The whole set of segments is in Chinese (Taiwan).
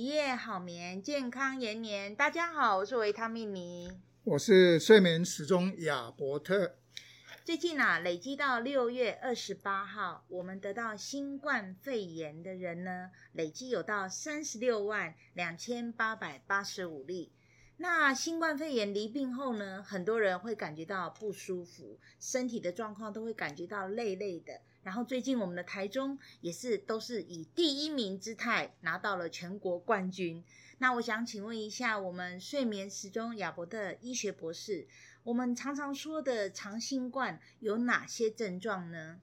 一夜好眠，健康延年。大家好，我是維他命妮，我是睡眠時鐘亞伯特。最近啊，累計到六月二十八號，我們得到新冠肺炎的人呢，累計有到三十六萬兩千八百八十五例。那新冠肺炎罹病後呢，很多人會感覺到不舒服，身體的狀況都會感覺到累累的。然後最近我們的台中也是都是以第一名姿態，拿到了全國冠軍。那我想請問一下，我們睡眠時鐘亞伯特醫學博士，我們常常說的長新冠有哪些症狀呢？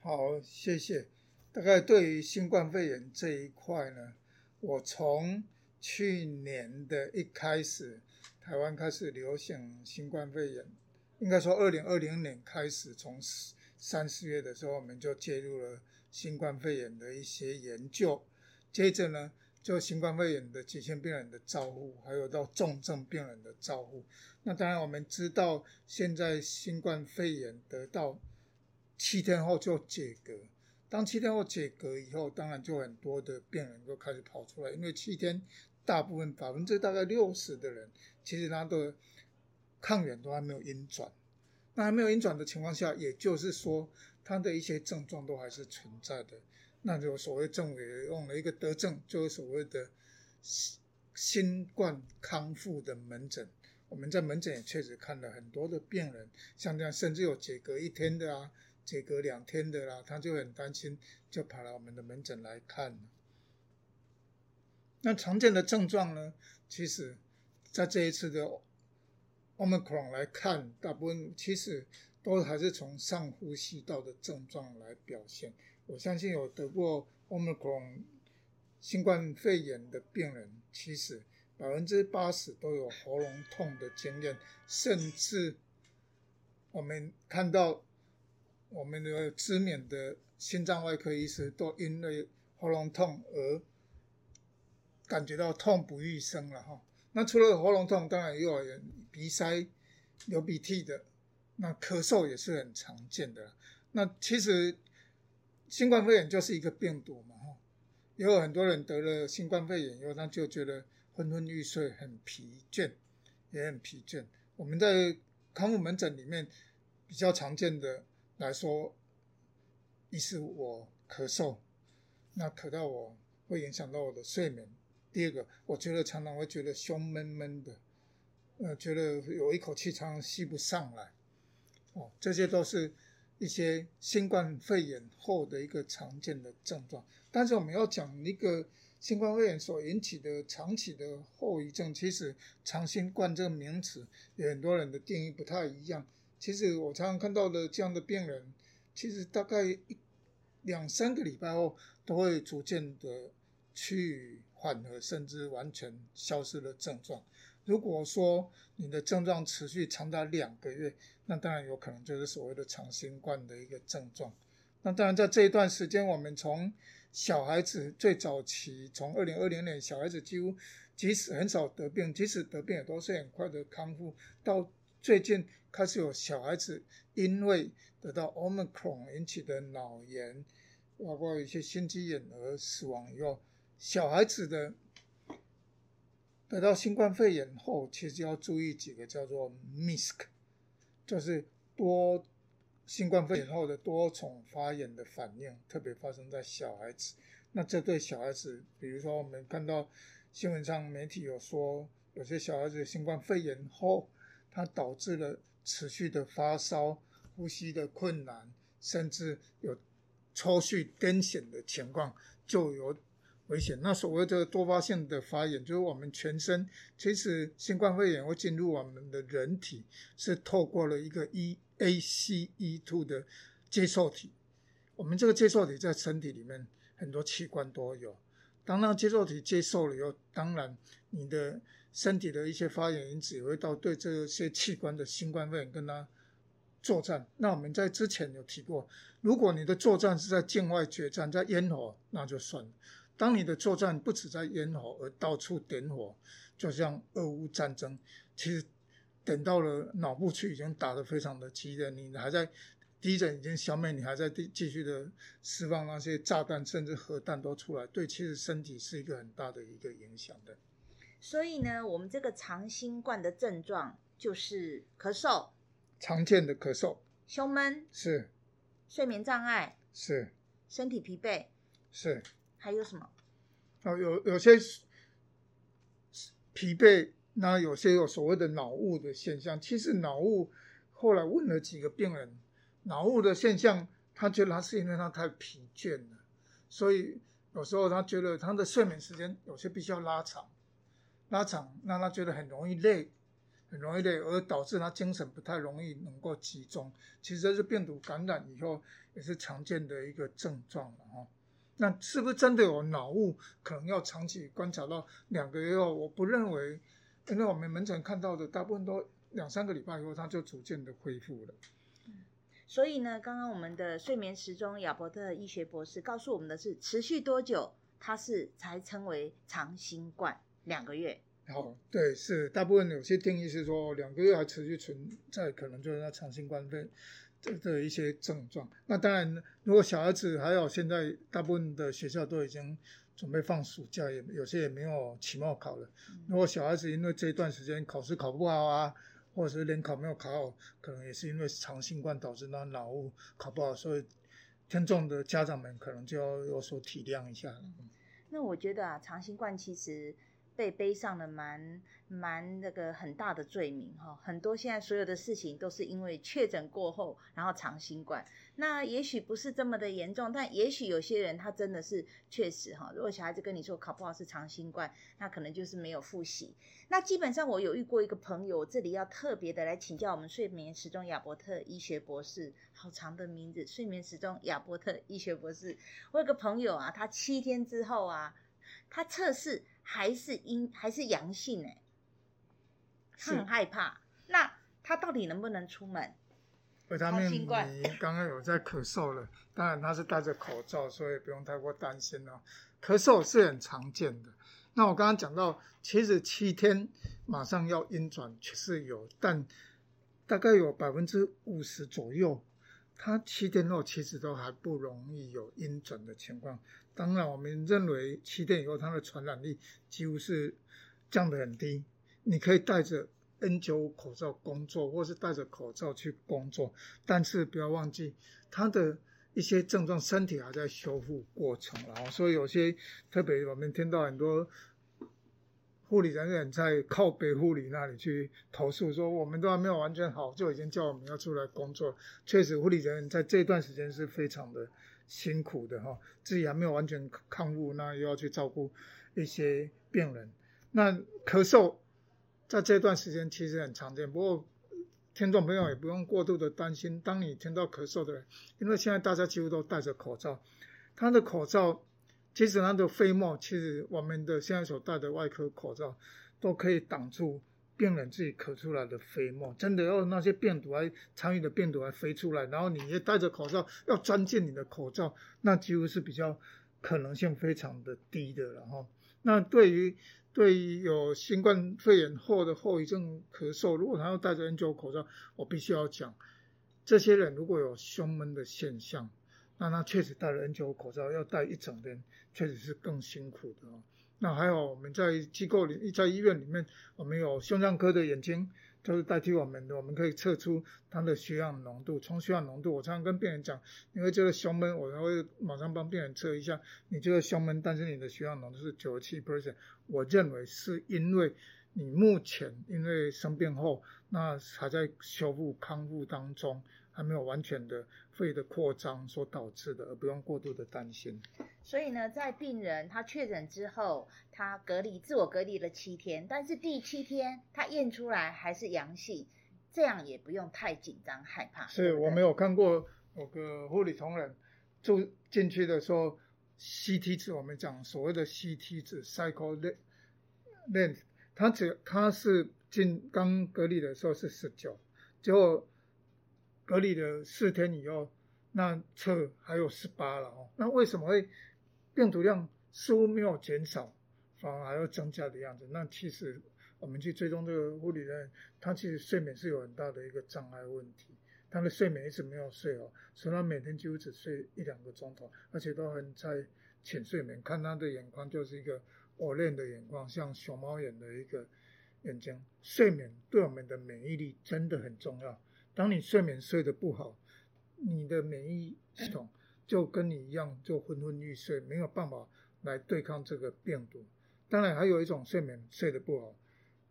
好，謝謝。大概對於新冠肺炎這一塊呢，我從去年的一開始，台灣開始流行新冠肺炎，應該說二零二零年開始從，從三、四月的時候，我們就介入了新冠肺炎的一些研究。接着呢，就新冠肺炎的急性病人的照護，還有到重症病人的照護。那當然我們知道，現在新冠肺炎得到七天後就解隔。當七天後解隔以後，當然就很多的病人都開始跑出來，因為七天。大部分百分之大概六十的人，其實他的抗原都還沒有陰轉。那還沒有陰轉的情況下，也就是說，他的一些症狀都還是存在的。那就所謂政府也用了一個德政，就是所謂的新冠康復的門診。我們在門診也確實看了很多的病人，像這樣，甚至有間隔一天的啊，間隔兩天的啦、啊，他就很擔心，就跑來我們的門診來看。那常見的症狀呢？其實，在這一次的 Omicron 來看，大部分其實都還是從上呼吸道的症狀來表現。我相信有得過 Omicron 新冠肺炎的病人，其實百分之八十都有喉嚨痛的經驗，甚至我們看到，我們的知名的心臟外科醫師都因為喉嚨痛而感覺到痛不欲生了哈，那除了喉嚨痛，當然又有人鼻塞、流鼻涕的，那咳嗽也是很常見的。那其實新冠肺炎就是一個病毒嘛哈，也有很多人得了新冠肺炎以後，那就覺得昏昏欲睡、很疲倦，也很疲倦。我們在康復門診裡面比較常見的來說，一是我咳嗽，那咳到我會影響到我的睡眠。第二個，我覺得常常會覺得胸悶悶的，呃，覺得有一口氣常常吸不上來，哦，這些都是一些新冠肺炎後的一個常見的症狀。但是我們要講一個新冠肺炎所引起的長期的後遺症，其實“長新冠”這個名詞有很多人的定義不太一樣。其實我常常看到的這樣的病人，其實大概一兩三個禮拜後都會逐漸的去。緩和甚至完全消失的症狀。如果說你的症狀持續長達兩個月，那當然有可能就是所謂的長新冠的一個症狀。那當然，在這一段時間，我們從小孩子最早期，從二零二零年，小孩子幾乎即使很少得病，即使得病也都是很快的康復。到最近開始有小孩子因為得到奧密克戎引起的腦炎，包括一些心肌炎而死亡以後。小孩子的得到新冠肺炎後，其實要注意幾個叫做 MISC，就是多新冠肺炎後的多重發炎的反應，特別發生在小孩子。那這對小孩子，比如說我們看到新聞上媒體有說，有些小孩子的新冠肺炎後，它導致了持續的發燒、呼吸的困難，甚至有抽搐、癲癇的情況，就有。危險。那所謂的多發性的發炎，就是我們全身其實新冠肺炎會進入我們的人體，是透過了一個 ACE2 的接受體。我們這個接受體在身體裡面很多器官都有。當那個接受體接受了以後，當然你的身體的一些發炎因子會到對這些器官的新冠肺炎跟它作戰。那我們在之前有提過，如果你的作戰是在境外決戰，在咽喉，那就算了。當你的作戰不止在咽喉，而到處點火，就像俄烏戰爭，其實等到了腦部區已經打得非常的激烈，你還在敵人已經消滅，你還在繼續的釋放那些炸彈，甚至核彈都出來，對，其實身體是一個很大的一個影響的。所以呢，我們這個長新冠的症狀就是咳嗽，常見的咳嗽、胸悶是，睡眠障礙是,是，身體疲憊是。還有什麼？啊，有有些疲憊，那有些有所謂的腦霧的現象。其實腦霧，後來問了幾個病人，腦霧的現象，他覺得他是因為他太疲倦了，所以有時候他覺得他的睡眠時間有些必須要拉長，拉長讓他覺得很容易累，很容易累，而導致他精神不太容易能夠集中。其實這是病毒感染以後也是常見的一個症狀了，那是不是真的有腦霧？可能要長期觀察到兩個月後，我不認為，因為我們門診看到的大部分都兩三個禮拜以後，它就逐漸的恢復了。嗯，所以呢，剛剛我們的睡眠時鐘亞伯特醫學博士告訴我們的是，持續多久它是才稱為長新冠？兩個月？哦，對，是大部分有些定義是說兩個月還持續存在，可能就是那長新冠病。這的一些症狀，那當然，如果小孩子還有現在大部分的學校都已經準備放暑假，也有些也沒有期末考了。如果小孩子因為這一段時間考試考不好啊，或者是連考沒有考好，可能也是因為長新冠導致他腦考不好，所以聽眾的家長們可能就要有所體諒一下、嗯、那我覺得啊，長新冠其實。被背上了蠻蠻那個很大的罪名哈，很多現在所有的事情都是因為確診過後，然後長新冠。那也許不是這麼的嚴重，但也許有些人他真的是確實哈。如果小孩子跟你說考不好是長新冠，那可能就是沒有複習。那基本上我有遇過一個朋友，這裡要特別的來請教我們睡眠時鐘亞伯特醫學博士，好長的名字，睡眠時鐘亞伯特醫學博士。我有個朋友啊，他七天之後啊。他測試還是陰還是陽性呢、欸？很害怕。那他到底能不能出門？我堂妹，面 你剛剛有在咳嗽了，當然他是戴着口罩，所以不用太過擔心哦、啊。咳嗽是很常見的。那我剛剛講到，其實七天馬上要陰轉是有，但大概有百分之五十左右。它七天後其實都還不容易有陰轉的情況。當然，我們認為七天以後它的傳染力幾乎是降得很低。你可以戴着 N95 口罩工作，或是戴着口罩去工作，但是不要忘記，它的一些症狀身體還在修復過程了。然後，所以有些特別，我們聽到很多。護理人員在靠北護理那裡去投訴說，我們都還沒有完全好，就已經叫我們要出來工作。確實，護理人員在這段時間是非常的辛苦的哈，自己還沒有完全康復，那又要去照顧一些病人。那咳嗽在這段時間其實很常見，不過聽眾朋友也不用過度的擔心。當你聽到咳嗽的人，因為現在大家幾乎都戴着口罩，他的口罩。其實它的飛沫，其實我們的現在所戴的外科口罩，都可以擋住病人自己咳出來的飛沫。真的要那些病毒來參與的病毒來飛出來，然後你也戴着口罩要鑽進你的口罩，那幾乎是比較可能性非常的低的，然後。那對於對於有新冠肺炎後的後遺症咳嗽，如果他要戴着 N95 口罩，我必須要講，這些人如果有胸悶的現象。那他確實戴了 N 九五口罩，要戴一整天，確實是更辛苦的哦。那還有我們在機構裡，在醫院裡面，我們有胸腔科的眼睛，就是代替我們的，我們可以測出它的血氧濃度。從血氧濃度，我常常跟病人講，因為這個胸悶，我才會馬上幫病人測一下。你這個胸悶，但是你的血氧濃度是九十七 percent，我認為是因為你目前因為生病後，那還在修復康復當中。還沒有完全的肺的擴張所導致的，而不用過度的擔心。所以呢，在病人他確診之後，他隔離自我隔離了七天，但是第七天他驗出來還是陽性，這樣也不用太緊張害怕。所以我沒有看過有個護理同仁住進去的時候，C T 值我們講所謂的 C T 值 cycle length，他只他是進剛隔離的時候是十九，最後。隔離了四天以後，那測還有十八了哦。那為什麼會病毒量似乎沒有減少，反而還要增加的樣子？那其實我們去追蹤這個護理人，他其實睡眠是有很大的一個障礙問題。他的睡眠一直沒有睡哦，所以他每天幾乎只睡一兩個鐘頭，而且都很在淺睡眠。看他的眼眶就是一個偶練的眼光，像熊貓眼的一個眼睛。睡眠對我們的免疫力真的很重要。當你睡眠睡得不好，你的免疫系統就跟你一樣，就昏昏欲睡，沒有辦法來對抗這個病毒。當然，還有一種睡眠睡得不好，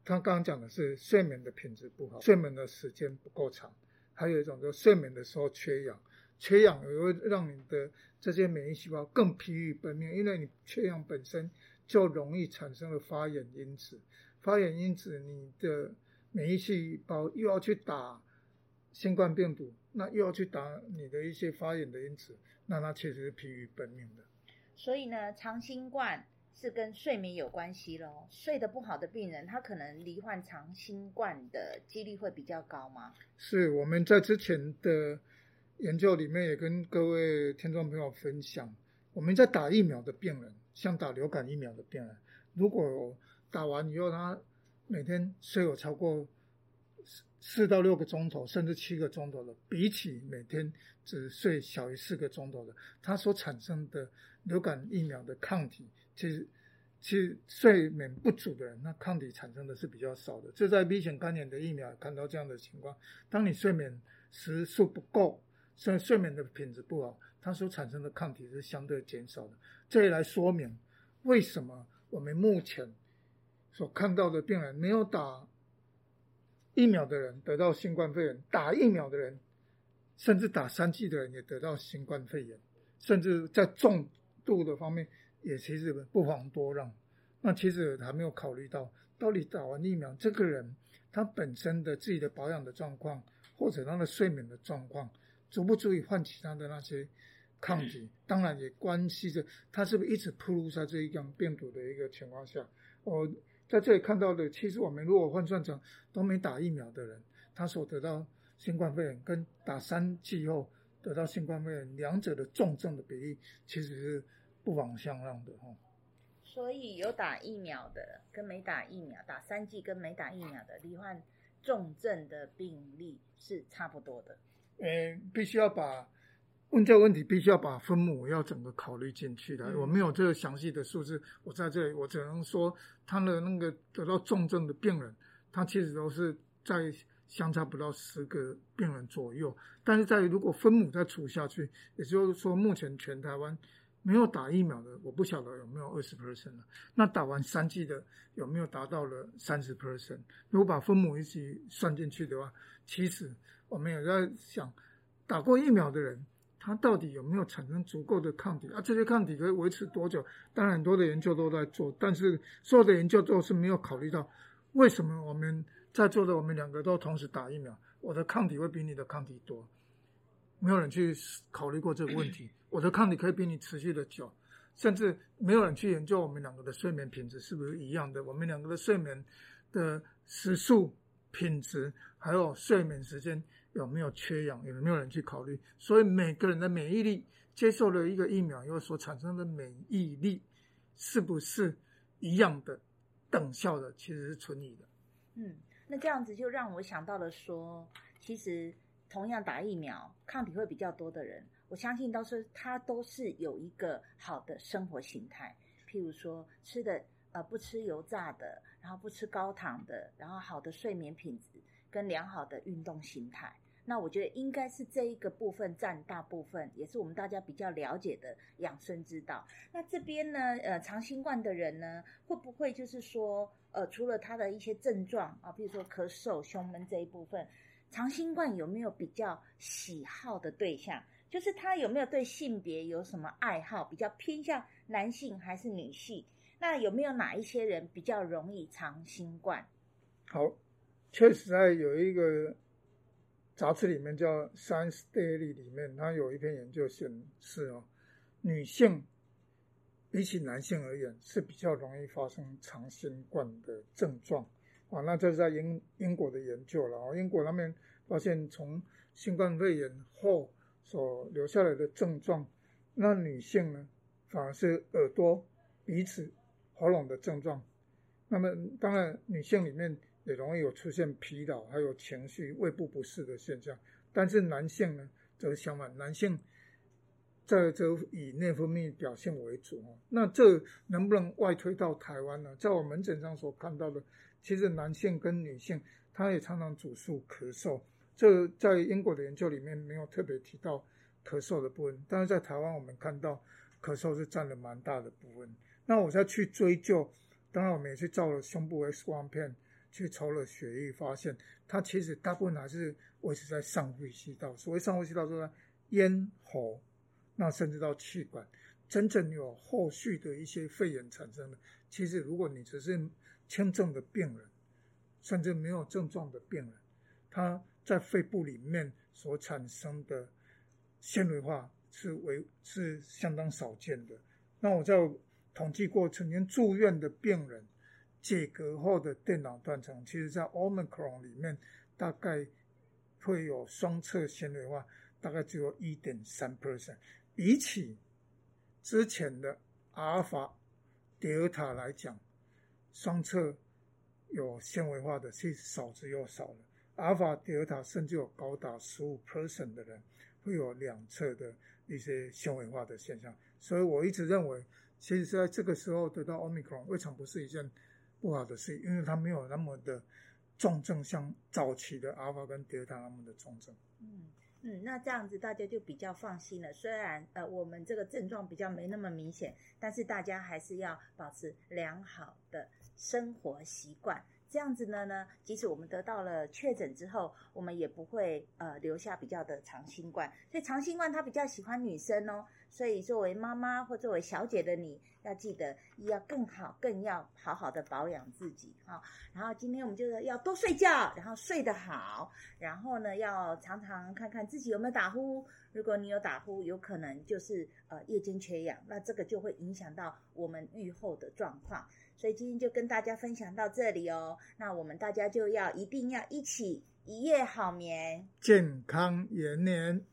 他剛剛講的是睡眠的品質不好，睡眠的時間不夠長。還有一種就是睡眠的時候缺氧，缺氧也會讓你的這些免疫細胞更疲於奔命，因為你缺氧本身就容易產生了發炎因子，發炎因子你的免疫細胞又要去打。新冠病毒，那又要去打你的一些發炎的因子，那它確實是疲於奔命的。所以呢，長新冠是跟睡眠有關係嘍。睡得不好的病人，他可能罹患長新冠的幾率會比較高嗎？是，我們在之前的研究裡面也跟各位聽眾朋友分享，我們在打疫苗的病人，像打流感疫苗的病人，如果打完以後，他每天睡有超過。四到六個鐘頭，甚至七個鐘頭的，比起每天只睡小於四個鐘頭的，它所產生的流感疫苗的抗體，其實，其實睡眠不足的人，那抗體產生的是比較少的。這在新型冠狀的疫苗看到這樣的情況，當你睡眠時數不夠，睡睡眠的品質不好，它所產生的抗體是相對減少的。這也來說明為什麼我們目前所看到的病人沒有打。疫苗的人得到新冠肺炎，打疫苗的人，甚至打三劑的人也得到新冠肺炎，甚至在重度的方面也其實不遑多讓。那其實還沒有考慮到，到底打完疫苗這個人，他本身的自己的保養的狀況，或者他的睡眠的狀況，足不足以喚起他的那些抗體？嗯、當然也關係着他是不是一直曝露在這一種病毒的一個情況下，哦在這裡看到的，其實我們如果換算成都沒打疫苗的人，他所得到新冠肺炎跟打三劑後得到新冠肺炎兩者的重症的比例，其實是不遑相讓的哈。所以有打疫苗的跟沒打疫苗，打三劑跟沒打疫苗的罹患重症的病例是差不多的。嗯，必須要把。問這個問題，必須要把分母要整個考慮進去的。我沒有這個詳細的數字，我在這裡我只能說，他的那個得到重症的病人，他其實都是在相差不到十個病人左右。但是在於如果分母再除下去，也就是說目前全台灣沒有打疫苗的，我不曉得有沒有二十 percent 了，那打完三劑的有沒有達到了三十 percent？如果把分母一起算進去的話，其實我們也在想，打過疫苗的人。他到底有沒有產生足夠的抗體？啊，這些抗體可以維持多久？當然，很多的研究都在做，但是所有的研究都是沒有考慮到，為什麼我們在座的我們兩個都同時打疫苗，我的抗體會比你的抗體多？沒有人去考慮過這個問題。我的抗體可以比你持續的久，甚至沒有人去研究我們兩個的睡眠品質是不是一樣的？我們兩個的睡眠的時數、品質還有睡眠時間。有沒有缺氧？有沒有人去考慮？所以每個人的免疫力，接受了一個疫苗以後所產生的免疫力，是不是一樣的、等效的？其實是存疑的。嗯，那這樣子就讓我想到了說，其實同樣打疫苗，抗體會比較多的人，我相信都是他都是有一個好的生活形態，譬如說吃的呃，不吃油炸的，然後不吃高糖的，然後好的睡眠品質跟良好的運動形態。那我覺得應該是這一個部分占大部分，也是我們大家比較了解的養生之道。那這邊呢，呃，長新冠的人呢，會不會就是說，呃，除了他的一些症狀啊，比如說咳嗽、胸悶這一部分，長新冠有沒有比較喜好的對象？就是他有沒有對性別有什麼愛好，比較偏向男性還是女性？那有沒有哪一些人比較容易長新冠？好，確實啊，有一個。雜誌裡面叫《Science Daily》裡面，它有一篇研究顯示哦，女性比起男性而言是比較容易發生長新冠的症狀。啊，那這是在英英國的研究了哦。英國那邊發現，從新冠肺炎後所留下來的症狀，那女性呢，反而是耳朵、鼻子、喉嚨的症狀。那麼當然，女性裡面。也容易有出現疲勞，還有情緒、胃部不適的現象。但是男性呢，則相反，男性這則以內分泌表現為主哦。那這能不能外推到台灣呢？在我門診上所看到的，其實男性跟女性，他也常常主訴咳嗽。這在英國的研究裡面沒有特別提到咳嗽的部分，但是在台灣我們看到咳嗽是佔了蠻大的部分。那我再去追究，當然我們也去照了胸部 X 光片。去抽了血液，發現它其實大部分還是維持在上呼吸道。所謂上呼吸道，就是咽喉，那甚至到氣管。真正有後續的一些肺炎產生的，其實如果你只是輕症的病人，甚至沒有症狀的病人，他在肺部裡面所產生的纖維化是為是相當少見的。那我在統計過曾經住院的病人。解隔後的電腦斷層，其實在 Omicron 裡面大概會有雙側纖維化，大概只有一點三 percent。比起之前的阿爾法、德爾塔來講，雙側有纖維化的其實少之又少了。阿爾法、德爾塔甚至有高達十五 percent 的人會有兩側的一些纖維化的現象。所以我一直認為，其實在這個時候得到 Omicron 未嘗不是一件不好的事，因為它沒有那麼的重症，像早期的阿爾法跟德爾塔那麼的重症。嗯嗯，那這樣子大家就比較放心了。雖然呃，我們這個症狀比較沒那麼明顯，但是大家還是要保持良好的生活習慣。這樣子呢、呢，即使我們得到了確診之後，我們也不會呃留下比較的長新冠。所以長新冠它比較喜歡女生哦，所以作為媽媽或作為小姐的你，要記得要更好，更要好好的保養自己啊，哦。然後今天我們就是要多睡覺，然後睡得好，然後呢要常常看看自己有沒有打呼。如果你有打呼，有可能就是呃夜間缺氧，那這個就會影響到我們癒後的狀況。所以今天就跟大家分享到這裡哦。那我們大家就要一定要一起一夜好眠，健康延年。